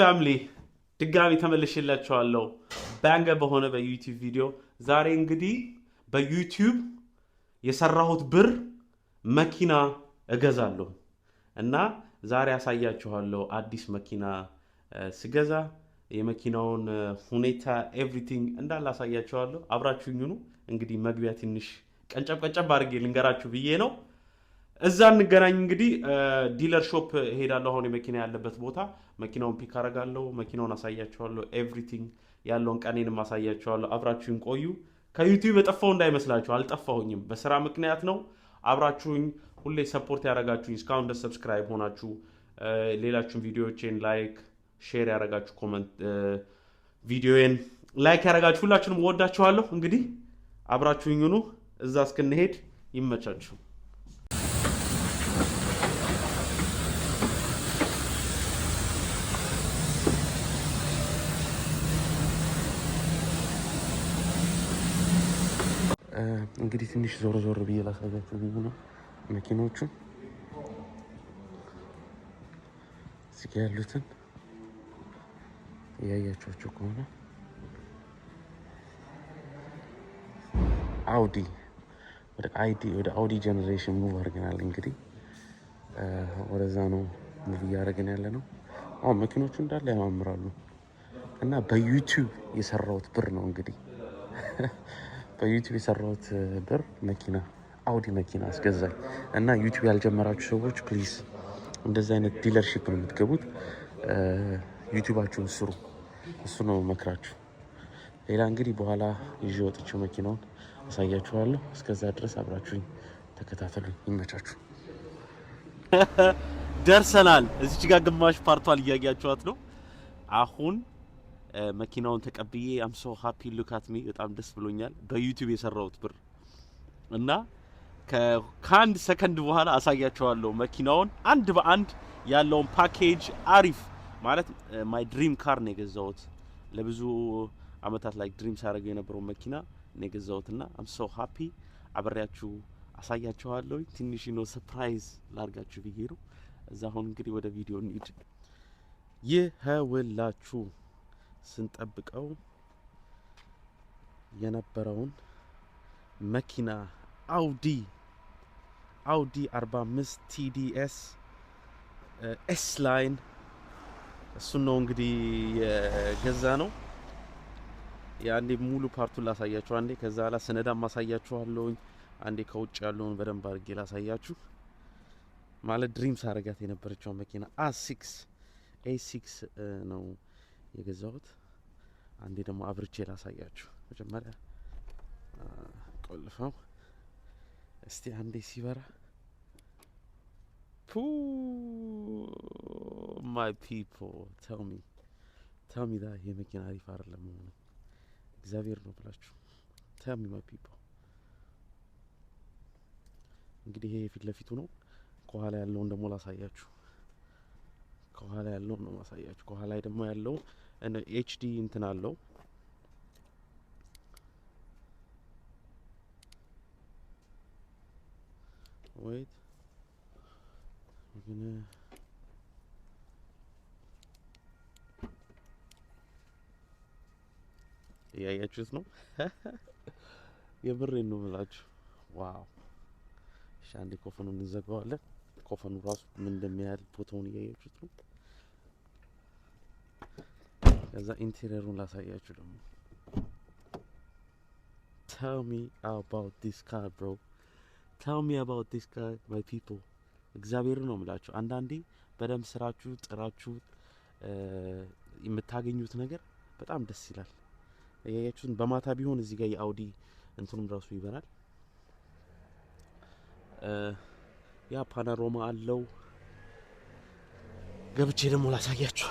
ፋሚሊ ድጋሚ ተመልሽላችኋለሁ ባንገ በሆነ በዩቲዩብ ቪዲዮ ዛሬ እንግዲህ በዩቲዩብ የሰራሁት ብር መኪና እገዛለሁ እና ዛሬ ያሳያችኋለሁ አዲስ መኪና ስገዛ የመኪናውን ሁኔታ ኤቭሪቲንግ እንዳለ አሳያችኋለሁ። አብራችሁኝ እንግዲህ መግቢያ ትንሽ ቀንጨብ ቀንጨብ አድርጌ ልንገራችሁ ብዬ ነው። እዛ እንገናኝ። እንግዲህ ዲለር ሾፕ ሄዳለሁ። አሁን የመኪና ያለበት ቦታ መኪናውን ፒክ አረጋለሁ፣ መኪናውን አሳያቸዋለሁ፣ ኤቭሪቲንግ ያለውን ቀኔንም አሳያቸዋለሁ። አብራችሁኝ ቆዩ። ከዩቲዩብ የጠፋው እንዳይመስላችሁ፣ አልጠፋሁኝም። በስራ ምክንያት ነው። አብራችሁኝ ሁሌ ሰፖርት ያደረጋችሁኝ፣ እስካሁን ደስ ሰብስክራይብ ሆናችሁ፣ ሌላችሁን ቪዲዮዎቼን ላይክ፣ ሼር ያደረጋችሁ፣ ኮመንት ቪዲዮዬን ላይክ ያደረጋችሁ ሁላችሁንም ወዳችኋለሁ። እንግዲህ አብራችሁኝ ሁኑ። እዛ እስክንሄድ ይመቻችሁ። እንግዲህ ትንሽ ዞር ዞር ብዬ ላሳያችሁ ብዬ ነው። መኪኖቹን እዚጋ ያሉትን እያያችኋቸው ከሆነ አውዲ ወደ አይዲ ወደ አውዲ ጀኔሬሽን ሙቭ አድርገናል። እንግዲህ ወደዛ ነው ሙቭ እያደረግን ያለ ነው። አሁን መኪኖቹ እንዳለ ያማምራሉ እና በዩቲዩብ የሰራሁት ብር ነው እንግዲህ በዩቲዩብ የሰራሁት ብር መኪና አውዲ መኪና አስገዛኝ እና ዩቲዩብ ያልጀመራችሁ ሰዎች ፕሊዝ እንደዚህ አይነት ዲለርሺፕ ነው የምትገቡት። ዩቲዩባችሁን ስሩ። እሱ ነው መክራችሁ። ሌላ እንግዲህ በኋላ ይዤ ወጥቼው መኪናውን አሳያችኋለሁ። እስከዛ ድረስ አብራችሁኝ ተከታተሉ። ይመቻችሁ። ደርሰናል። እዚች ጋር ግማሽ ፓርቷል እያያችኋት ነው አሁን መኪናውን ተቀብዬ አም ሶ ሀፒ ሉካት ሚ በጣም ደስ ብሎኛል። በዩቲዩብ የሰራሁት ብር እና ከአንድ ሰከንድ በኋላ አሳያቸዋለሁ መኪናውን አንድ በአንድ ያለውን ፓኬጅ አሪፍ ማለት ማይ ድሪም ካር ነው የገዛሁት። ለብዙ አመታት ላይ ድሪም ሳደርገው የነበረው መኪና ነው የገዛሁት እና አም ሶ ሀፒ አብሬያችሁ አሳያቸዋለሁ ትንሽ ነው ሰፕራይዝ ላርጋችሁ ብዬ ነው። እዛ አሁን እንግዲህ ወደ ቪዲዮ እንሂድ። ይኸውላችሁ ስንጠብቀው የነበረውን መኪና አውዲ አውዲ 45 ቲዲኤስ ኤስ ላይን እሱን ነው እንግዲህ የገዛ ነው። የአንዴ ሙሉ ፓርቱን ላሳያችሁ፣ አንዴ ከዛ ላ ሰነዳም ማሳያችኋለሁኝ፣ አንዴ ከውጭ ያለውን በደንብ አድርጌ ላሳያችሁ። ማለት ድሪም አረጋት የነበረችው መኪና አ6 ኤ6 ነው። የገዛሁት። አንዴ ደግሞ አብርቼ ላሳያችሁ። መጀመሪያ ቆልፈው እስቲ አንዴ ሲበራ ፑ ማይ ፒፖ ተልሚ ተልሚ ዳ የመኪና አሪፍ አይደለም መሆኑ እግዚአብሔር ነው ብላችሁ ተልሚ ማይ ፒፖ። እንግዲህ ይሄ የፊት ለፊቱ ነው። ከኋላ ያለውን ደግሞ ላሳያችሁ። ከኋላ ያለው ነው ማሳያችሁ። ከኋላ ደግሞ ያለው ኤችዲ እንትን አለው ወይት ግን እያያችሁት ነው። የብሬ ነው ብላችሁ ዋው! እሺ፣ አንዴ ኮፈኑን እንዘጋዋለን። ኮፈኑ ራሱ ምን እንደሚያህል ቦታውን እያያችሁት ነው። ከዛ ኢንቴሪየሩን ላሳያችሁ ደግሞ። ታል ሚ አባውት ዲስ ካር ብሮ ታል ሚ አባውት ዲስ ካር ማይ ፒፕል። እግዚአብሔር ነው የምላችሁ። አንዳንዴ በደንብ ስራችሁ ጥራችሁ የምታገኙት ነገር በጣም ደስ ይላል። ያያችሁትን በማታ ቢሆን እዚህ ጋር የአውዲ እንትኑም ራሱ ይበራል። ያ ፓኖራማ አለው። ገብቼ ደግሞ ላሳያችሁ።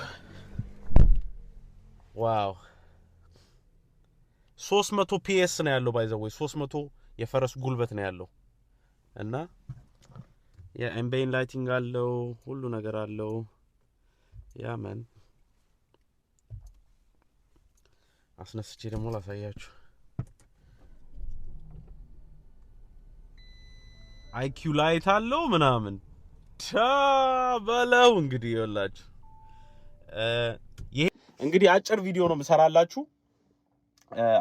ዋው 300 ፒኤስ ነው ያለው ባይ ባይዘወይ 300 የፈረስ ጉልበት ነው ያለው እና የኤምቤን ላይቲንግ አለው ሁሉ ነገር አለው። ያመን አስነስቼ ደግሞ ላሳያችሁ። አይኪው ላይት አለው ምናምን ቻ በለው እንግዲህ ይወላችሁ እንግዲህ አጭር ቪዲዮ ነው የምሰራላችሁ።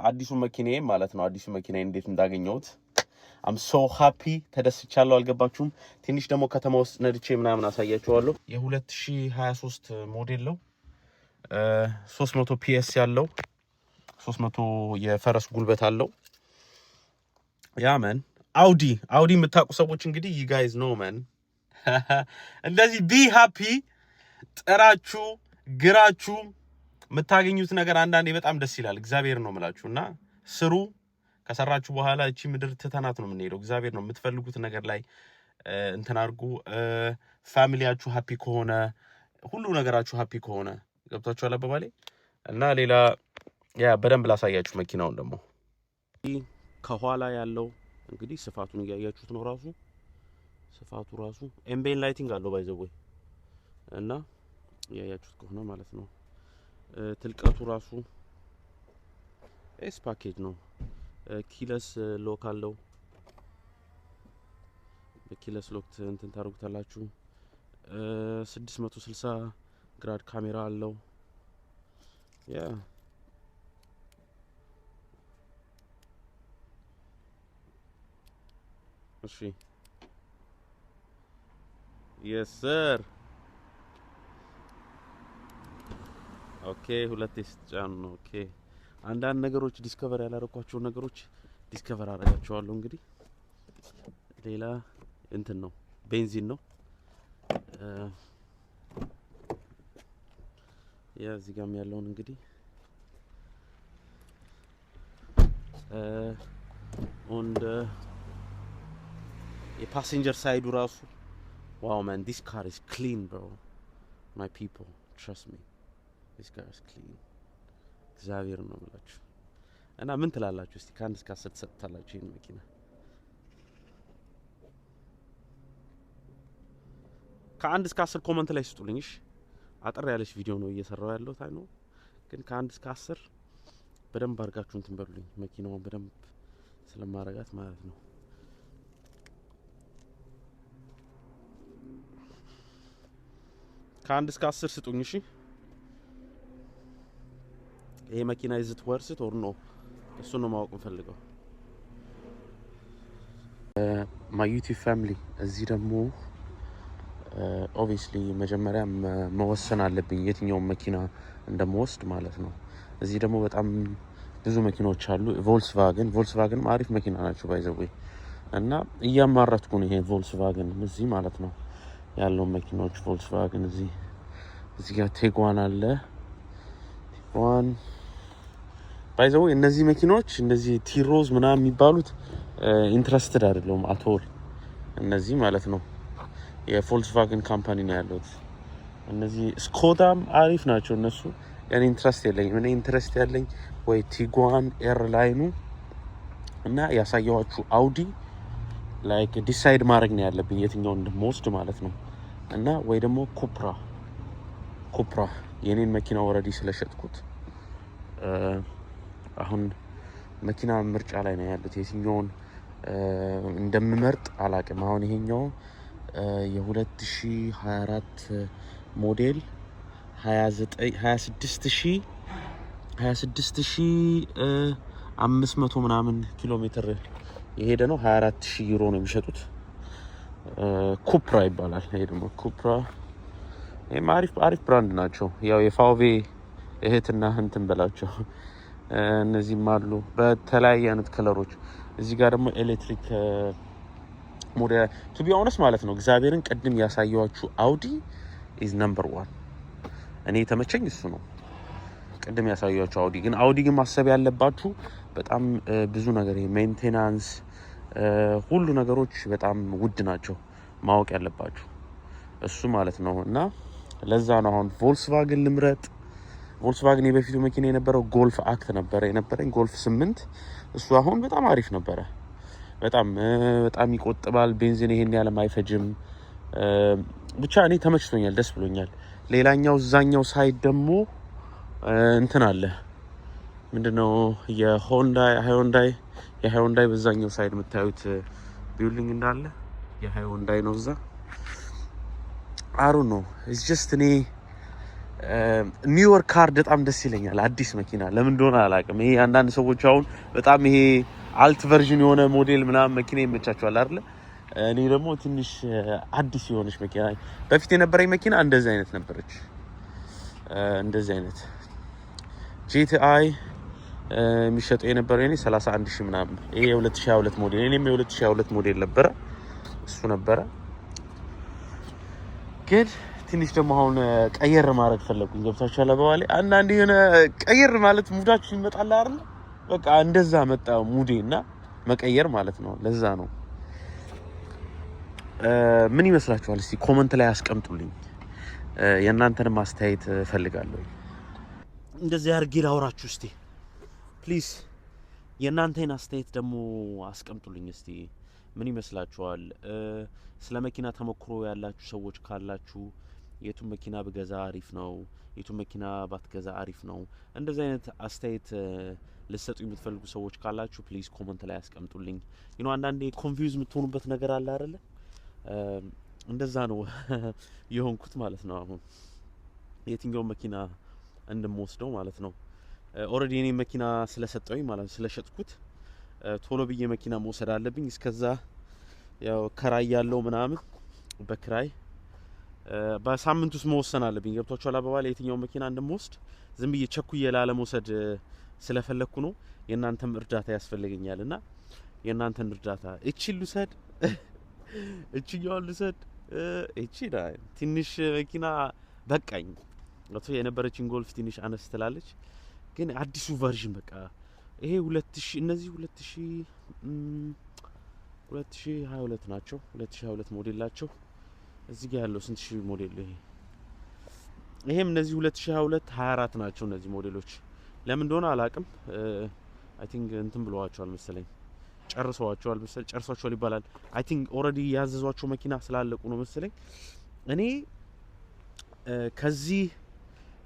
አዲሱ መኪናዬ ማለት ነው አዲሱ መኪናዬ እንዴት እንዳገኘሁት አም ሶ ሃፒ ተደስቻለሁ። አልገባችሁም? ትንሽ ደግሞ ከተማ ውስጥ ነድቼ ምናምን አሳያችኋለሁ። የ2023 ሞዴል ነው 300 ፒኤስ ያለው 300 የፈረስ ጉልበት አለው። ያመን አውዲ አውዲ የምታውቁ ሰዎች እንግዲህ ይጋይዝ ኖ መን እንደዚህ ቢ ሃፒ ጥራችሁ ግራችሁ የምታገኙት ነገር አንዳንዴ በጣም ደስ ይላል። እግዚአብሔር ነው የምላችሁ እና ስሩ። ከሰራችሁ በኋላ እቺ ምድር ትተናት ነው የምንሄደው። እግዚአብሔር ነው የምትፈልጉት ነገር ላይ እንትን አድርጉ። ፋሚሊያችሁ ሀፒ ከሆነ ሁሉ ነገራችሁ ሀፒ ከሆነ ገብቷችኋል አባባሌ እና ሌላ ያ በደንብ ላሳያችሁ። መኪናውን ደግሞ ከኋላ ያለው እንግዲህ ስፋቱን እያያችሁት ነው። ራሱ ስፋቱ ራሱ ኤምቤን ላይቲንግ አለው ባይዘወይ እና እያያችሁት ከሆነ ማለት ነው ትልቀቱ ራሱ ኤስ ፓኬጅ ነው። ኪለስ ሎክ አለው። በኪለስ ሎክ እንትን ታደርጉታላችሁ። 660 ግራድ ካሜራ አለው። ያ እሺ የሰር ኦኬ፣ ሁለቴ ስትጫን ነው። ኦኬ፣ አንዳንድ ነገሮች ዲስከቨር ያላረኳቸው ነገሮች ዲስከቨር አረጋቸዋለሁ። እንግዲህ ሌላ እንትን ነው፣ ቤንዚን ነው። ያ እዚህ ጋም ያለውን እንግዲህ ኦንደ የፓሴንጀር ሳይዱ ራሱ ዋው ማን ዲስ ካር ኢዝ ክሊን ብሮ ማይ ፒፕል ትረስት ሚ ዚስ ጋር ኢዝ ክሊን እግዚአብሔር ነው የምላችሁ። እና ምን ትላላችሁ እስቲ? ከአንድ እስከ አስር ትሰጥታላችሁ ይህን መኪና ከአንድ እስከ አስር ኮመንት ላይ ስጡልኝ። እሺ አጠር ያለች ቪዲዮ ነው እየሰራው ያለው ነው ግን ከአንድ እስከ አስር በደንብ አድርጋችሁ እንትን በሉልኝ። መኪናውን በደንብ ስለማረጋት ማለት ነው። ከአንድ እስከ አስር ስጡኝ እሺ። ይሄ መኪና ይዝት ወርስት ኦር ኖ? እሱን ነው ማወቅ እንፈልገው። ማይ ዩቲዩብ ፋሚሊ፣ እዚህ ደግሞ ኦብቪስሊ መጀመሪያ መወሰን አለብኝ የትኛውን መኪና እንደምወስድ ማለት ነው። እዚህ ደግሞ በጣም ብዙ መኪናዎች አሉ። ቮልስቫገን ቮልስቫገን አሪፍ መኪና ናቸው ባይዘዌ እና እያማረትኩ ነው። ይሄ ቮልስቫገን እዚህ ማለት ነው ያለውን መኪናዎች ቮልስቫገን እዚህ እዚህ ጋር ቴጓን አለ ቴጓን ባይዘው እነዚህ መኪኖች እነዚህ ቲሮዝ ምናምን የሚባሉት ኢንትረስትድ አይደለሁም አቶል እነዚህ ማለት ነው። የፎልክስቫገን ካምፓኒ ነው ያለት እነዚህ ስኮዳም አሪፍ ናቸው እነሱ። ያኔ ኢንትረስት የለኝ እኔ ኢንትረስት ያለኝ ወይ ቲጓን ኤርላይኑ እና ያሳየኋችሁ አውዲ ላይክ ዲሳይድ ማድረግ ነው ያለብኝ የትኛው እንደምወስድ ማለት ነው። እና ወይ ደግሞ ኩፕራ ኩፕራ የኔን መኪና ወረዲ ስለሸጥኩት አሁን መኪና ምርጫ ላይ ነው ያሉት። የትኛውን እንደምመርጥ አላቅም። አሁን ይሄኛው የ2024 ሞዴል 26500 ምናምን ኪሎ ሜትር የሄደ ነው። 24000 ዩሮ ነው የሚሸጡት። ኩፕራ ይባላል። ይሄ ደግሞ ኩፕራ አሪፍ አሪፍ ብራንድ ናቸው። ያው የፋውቬ እህትና እንትን በላቸው እነዚህም አሉ በተለያየ አይነት ከለሮች። እዚህ ጋር ደግሞ ኤሌክትሪክ ሞዴ ቱቢ ኦነስ ማለት ነው። እግዚአብሔርን ቅድም ያሳየዋችሁ አውዲ ኢዝ ነምበር ዋን። እኔ የተመቸኝ እሱ ነው። ቅድም ያሳየዋችሁ አውዲ ግን አውዲ ግን ማሰብ ያለባችሁ በጣም ብዙ ነገር ሜንቴናንስ፣ ሁሉ ነገሮች በጣም ውድ ናቸው ማወቅ ያለባችሁ እሱ ማለት ነው። እና ለዛ ነው አሁን ቮልስቫግን ልምረጥ ቮልስቫግን የበፊቱ መኪና የነበረው ጎልፍ አክት ነበረ የነበረኝ ጎልፍ ስምንት እሱ አሁን በጣም አሪፍ ነበረ። በጣም በጣም ይቆጥባል። ቤንዚን ይሄን ያለም አይፈጅም። ብቻ እኔ ተመችቶኛል፣ ደስ ብሎኛል። ሌላኛው እዛኛው ሳይድ ደግሞ እንትን አለ ምንድነው የሆንዳይ ሃዮንዳይ የሃዮንዳይ በዛኛው ሳይድ የምታዩት ቢውልዲንግ እንዳለ የሃዮንዳይ ነው። እዛ አሩ ነው ኢትስ ጀስት እኔ ኒውዮርክ ካርድ በጣም ደስ ይለኛል። አዲስ መኪና ለምን እንደሆነ አላውቅም። ይሄ አንዳንድ ሰዎች አሁን በጣም ይሄ አልት ቨርዥን የሆነ ሞዴል ምናምን መኪና ይመቻቸዋል አይደለ? እኔ ደግሞ ትንሽ አዲስ የሆነች መኪና በፊት የነበረኝ መኪና እንደዚህ አይነት ነበረች። እንደዚህ አይነት ጂቲአይ የሚሸጠው የነበረው እኔ 31 ሺህ ምናምን። ይሄ የ2022 ሞዴል እኔም የ2022 ሞዴል ነበረ እሱ ነበረ ግን ትንሽ ደግሞ አሁን ቀየር ማድረግ ፈለግኩኝ። ገብታችኋል? በኋላ አንዳንድ የሆነ ቀየር ማለት ሙዳችሁ ይመጣል አይደል? በቃ እንደዛ መጣ ሙዴ እና መቀየር ማለት ነው። ለዛ ነው። ምን ይመስላችኋል? እስቲ ኮመንት ላይ አስቀምጡልኝ። የእናንተን ማስተያየት እፈልጋለሁ። እንደዚህ አድርጌ ላውራችሁ እስቲ ፕሊስ የእናንተን አስተያየት ደግሞ አስቀምጡልኝ እስቲ። ምን ይመስላችኋል? ስለ መኪና ተሞክሮ ያላችሁ ሰዎች ካላችሁ የቱን መኪና ብገዛ አሪፍ ነው፣ የቱን መኪና ባትገዛ አሪፍ ነው። እንደዚህ አይነት አስተያየት ልሰጡ የምትፈልጉ ሰዎች ካላችሁ ፕሊዝ ኮመንት ላይ ያስቀምጡልኝ። ይኖ አንዳንዴ ኮንፊውዝ የምትሆኑበት ነገር አለ አይደለ? እንደዛ ነው የሆንኩት ማለት ነው። አሁን የትኛውን መኪና እንደምወስደው ማለት ነው። ኦልሬዲ እኔ መኪና ስለሰጠውኝ ማለት ነው ስለሸጥኩት ቶሎ ብዬ መኪና መውሰድ አለብኝ። እስከዛ ያው ከራይ ያለው ምናምን በክራይ በሳምንት ውስጥ መወሰን አለብኝ። ገብቷችኋል? አበባ ላይ የትኛው መኪና እንደምወስድ ዝም ብዬ ቸኩዬ ላለመውሰድ ስለፈለግኩ ነው። የእናንተም እርዳታ ያስፈልገኛል እና የእናንተን እርዳታ እቺ ልውሰድ፣ እችኛዋን ልውሰድ፣ እቺ ትንሽ መኪና በቃኝ። ቶ የነበረችን ጎልፍ ትንሽ አነስ ትላለች፣ ግን አዲሱ ቨርዥን በቃ ይሄ ሁለት ሺ እነዚህ ሁለት ሺ ሁለት ሺ ሀያ ሁለት ናቸው። ሁለት ሺ ሀያ ሁለት ሞዴል ናቸው። እዚህ ጋር ያለው ስንት ሺህ ሞዴል ይሄ ይሄም እነዚህ 2022 24 ናቸው። እነዚህ ሞዴሎች ለምን እንደሆነ አላቅም። አይ ቲንክ እንትን ብለዋቸዋል መሰለኝ ጨርሰዋቸዋል መሰለኝ ጨርሷቸዋል ይባላል። አይ ቲንክ ኦልሬዲ ያዘዟቸው መኪና ስላለቁ ነው መሰለኝ። እኔ ከዚህ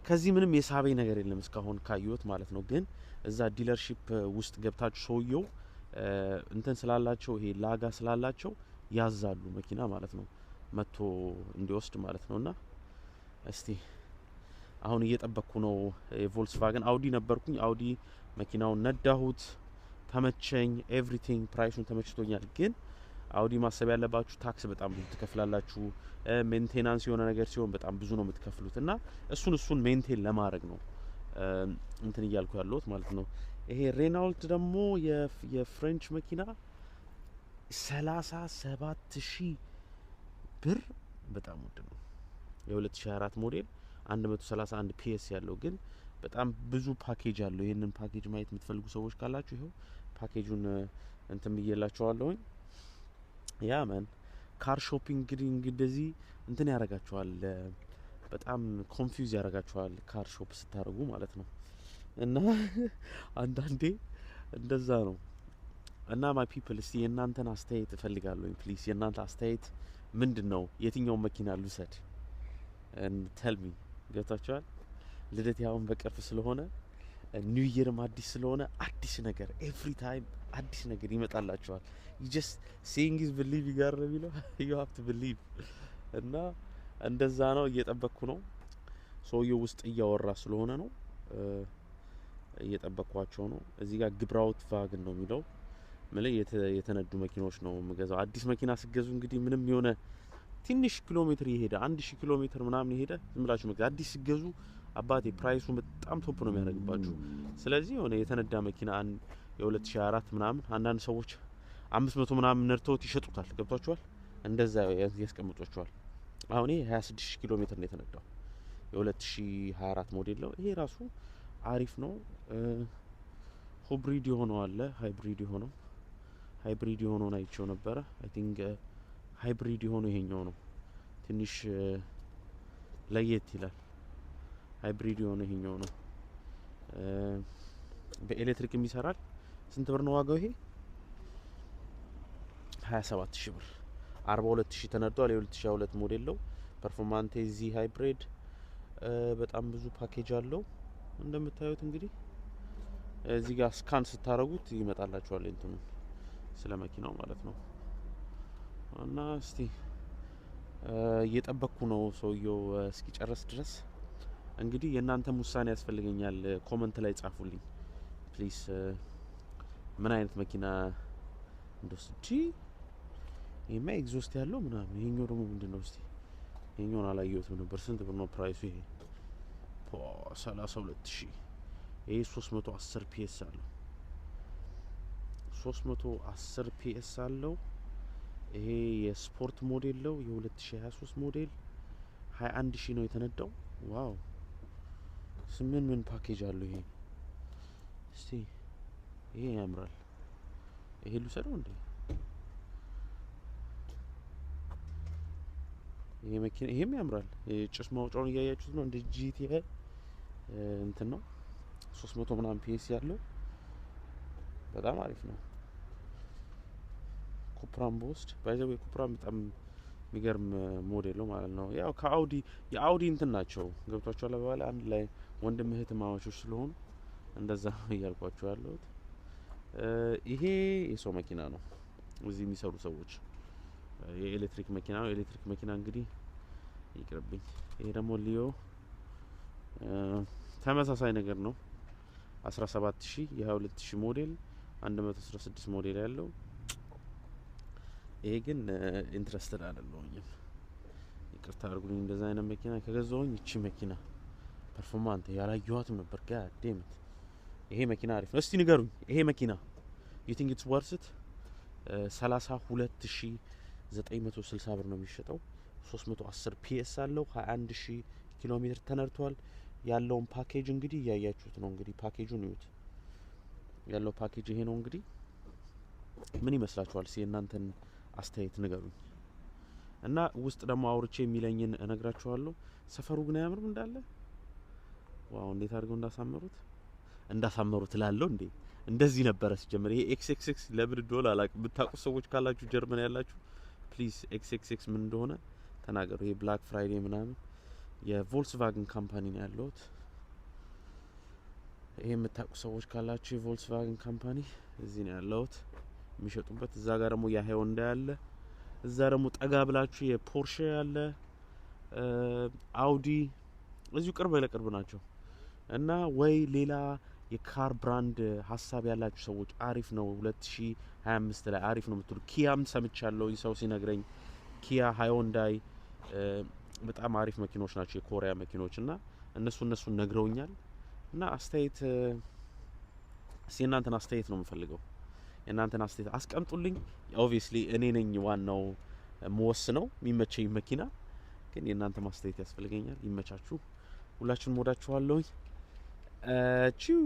ከዚህ ምንም የሳቤ ነገር የለም እስካሁን ካየሁት ማለት ነው። ግን እዛ ዲለርሺፕ ውስጥ ገብታችሁ ሰውየው እንትን ስላላቸው ይሄ ላጋ ስላላቸው ያዛሉ መኪና ማለት ነው። መጥቶ እንዲወስድ ማለት ነው። እና እስቲ አሁን እየጠበቅኩ ነው። የቮልክስቫገን አውዲ ነበርኩኝ። አውዲ መኪናውን ነዳሁት፣ ተመቸኝ። ኤቭሪቲንግ ፕራይሱን ተመችቶኛል። ግን አውዲ ማሰብ ያለባችሁ ታክስ በጣም ብዙ ትከፍላላችሁ። ሜንቴናንስ የሆነ ነገር ሲሆን በጣም ብዙ ነው የምትከፍሉት እና እሱን እሱን ሜንቴን ለማድረግ ነው እንትን እያልኩ ያለሁት ማለት ነው። ይሄ ሬናልት ደግሞ የፍሬንች መኪና ሰላሳ ሰባት ሺህ ብር በጣም ውድ ነው። የ2024 ሞዴል 131 ፒኤስ ያለው ግን በጣም ብዙ ፓኬጅ አለው። ይህንን ፓኬጅ ማየት የምትፈልጉ ሰዎች ካላችሁ ይኸው ፓኬጁን እንትን ብዬላችኋለሁኝ። ያ መን ካር ሾፒንግ እንግዲህ እንደዚህ እንትን ያደርጋችኋል፣ በጣም ኮንፊውዝ ያደርጋችኋል ካር ሾፕ ስታደርጉ ማለት ነው። እና አንዳንዴ እንደዛ ነው። እና ማይ ፒፕል እስቲ የእናንተን አስተያየት እፈልጋለሁኝ ፕሊስ የእናንተ አስተያየት ምንድን ነው የትኛውን መኪና ልውሰድ ተልሚ ገብታችኋል። ልደት ያሁን በቅርብ ስለሆነ ኒው ይርም አዲስ ስለሆነ አዲስ ነገር ኤቭሪ ታይም አዲስ ነገር ይመጣላችኋል። ጀስት ሲንግ ኢዝ ብሊቭ ይጋር ነው የሚለው ዩ ሀቭ ቱ ብሊቭ እና እንደዛ ነው። እየጠበቅኩ ነው። ሰውየው ውስጥ እያወራ ስለሆነ ነው እየጠበቅኳቸው ነው። እዚህ ጋር ግብራውት ቫግን ነው የሚለው ምልህ የተነዱ መኪናዎች ነው የምገዛው። አዲስ መኪና ስገዙ እንግዲህ ምንም የሆነ ትንሽ ኪሎ ሜትር የሄደ አንድ ሺህ ኪሎ ሜትር ምናምን የሄደ ዝም ብላችሁ አዲስ ስገዙ አባቴ ፕራይሱ በጣም ቶፕ ነው የሚያደርግባችሁ። ስለዚህ የሆነ የተነዳ መኪና የ 2024 ምናምን አንዳንድ ሰዎች አምስት መቶ ምናምን ነድተውት ይሸጡታል። ገብቷችኋል? እንደዛ ያስቀምጧችኋል። አሁን ይሄ 26 ኪሎ ሜትር ነው የተነዳው። የ2024 ሞዴል ነው ይሄ ራሱ አሪፍ ነው። ሁብሪድ የሆነው አለ፣ ሃይብሪድ የሆነው ሃይብሪድ የሆነውን አይቸው ነበረ። አይ ቲንክ uh, ሃይብሪድ የሆነ ይሄኛው ነው ትንሽ uh, ለየት ይላል። ሃይብሪድ የሆነ ይሄኛው ነው uh, በኤሌክትሪክ የሚሰራል። ስንት ብር ነው ዋጋው? ይሄ 27 ሺህ ብር 42 ሺህ ተነዷል። የ2022 ሞዴል ነው። ፐርፎርማንቴ ዚ ሃይብሪድ በጣም ብዙ ፓኬጅ አለው። እንደምታዩት እንግዲህ እዚህ ጋር ስካን ስታረጉት ይመጣላችኋል እንትኑን ስለ መኪናው ማለት ነው። እና እስቲ እየጠበቅኩ ነው ሰውየው እስኪጨረስ ድረስ። እንግዲህ የእናንተም ውሳኔ ያስፈልገኛል። ኮመንት ላይ ጻፉልኝ ፕሊስ። ምን አይነት መኪና እንደወስጂ። ይሄማ ኤግዞስት ያለው ምናምን፣ ይሄኛው ደግሞ ምንድን ነው እስቲ? ይሄኛውን አላየሁትም ነበር። ስንት ብር ነው ፕራይሱ? ይሄ ሰላሳ ሁለት ሺ ይሄ ሶስት መቶ አስር ፒኤስ አለው 310 ፒኤስ አለው። ይሄ የስፖርት ሞዴል ነው። የ2023 ሞዴል 21 ሺህ ነው የተነዳው። ዋው ስምን ምን ፓኬጅ አለው ይሄ? እስቲ ይሄ ያምራል። ይሄ ልውሰደው እንዴ? ይሄ መኪና ይሄም ያምራል። ጭስ ማውጫውን እያያችሁት ነው። እንደ ጂቲአይ እንትን ነው 300 ምናምን ፒኤስ ያለው በጣም አሪፍ ነው። ኩፕራን በውስድ ባይዘ ኩፕራም በጣም የሚገርም ሞዴል ነው ማለት ነው። ያው ከአውዲ የአውዲ እንትን ናቸው ገብቷቸዋል። በኋላ አንድ ላይ ወንድም እህት ማማቾች ስለሆኑ እንደዛ ነው እያልኳቸው ያለሁት። ይሄ የሰው መኪና ነው። እዚህ የሚሰሩ ሰዎች የኤሌክትሪክ መኪና ነው። የኤሌክትሪክ መኪና እንግዲህ ይቅርብኝ። ይሄ ደግሞ ሊዮ ተመሳሳይ ነገር ነው። 17000 የ22 ሞዴል 116 ሞዴል ያለው ይሄ ግን ኢንትረስትድ አይደለሁኝም። ይቅርታ አድርጉኝ። እንደዛ አይነት መኪና ከገዛሁኝ እቺ መኪና ፐርፎርማንት ያላየኋትም ነበር። ጋድ ዴምት ይሄ መኪና አሪፍ ነው። እስቲ ንገሩኝ፣ ይሄ መኪና ዩ ቲንክ ኢትስ ወርስት 32960 ብር ነው የሚሸጠው። 310 ፒኤስ አለው። 21000 ኪሎ ሜትር ተነድቷል። ያለውን ፓኬጅ እንግዲህ እያያችሁት ነው። እንግዲህ ፓኬጁን እዩት። ያለው ፓኬጅ ይሄ ነው። እንግዲህ ምን ይመስላችኋል? ሲ እናንተን አስተያየት ንገሩኝ እና ውስጥ ደግሞ አውርቼ የሚለኝን እነግራችኋለሁ። ሰፈሩ ግን አያምርም እንዳለ ዋው! እንዴት አድርገው እንዳሳመሩት እንዳሳመሩት ላለው እንዴ! እንደዚህ ነበረ ሲጀምር። ይሄ ኤክስ ኤክስ ኤክስ ለምን እንደሆነ አላውቅም። ሰዎች ካላችሁ ጀርመን ያላችሁ ፕሊዝ ኤክስ ምን እንደሆነ ተናገሩ። ይሄ ብላክ ፍራይዴ ምናምን የቮልክስቫግን ካምፓኒ ነው ያለሁት። ይሄ የምታውቁ ሰዎች ካላችሁ የቮልክስቫገን ካምፓኒ እዚህ ነው ያለሁት የሚሸጡበት። እዛ ጋር ደግሞ የሃዮንዳ ያለ፣ እዛ ደግሞ ጠጋ ብላችሁ የፖርሽ ያለ፣ አውዲ እዚሁ ቅርብ ለቅርብ ናቸው እና ወይ ሌላ የካር ብራንድ ሀሳብ ያላችሁ ሰዎች አሪፍ ነው 2025 ላይ አሪፍ ነው የምትሉ ኪያም ሰምቻለሁ ሰው ሲነግረኝ ኪያ ሃዮንዳይ በጣም አሪፍ መኪኖች ናቸው የኮሪያ መኪኖች እና እነሱ እነሱን ነግረውኛል እና አስተያየት የእናንተን አስተያየት ነው የምፈልገው። የእናንተን አስተያየት አስቀምጡልኝ። ኦብቪየስሊ እኔ ነኝ ዋናው መወስነው የሚመቸኝ መኪና፣ ግን የእናንተ ማስተያየት ያስፈልገኛል። ይመቻችሁ። ሁላችሁን ወዳችኋለሁኝ። ቺው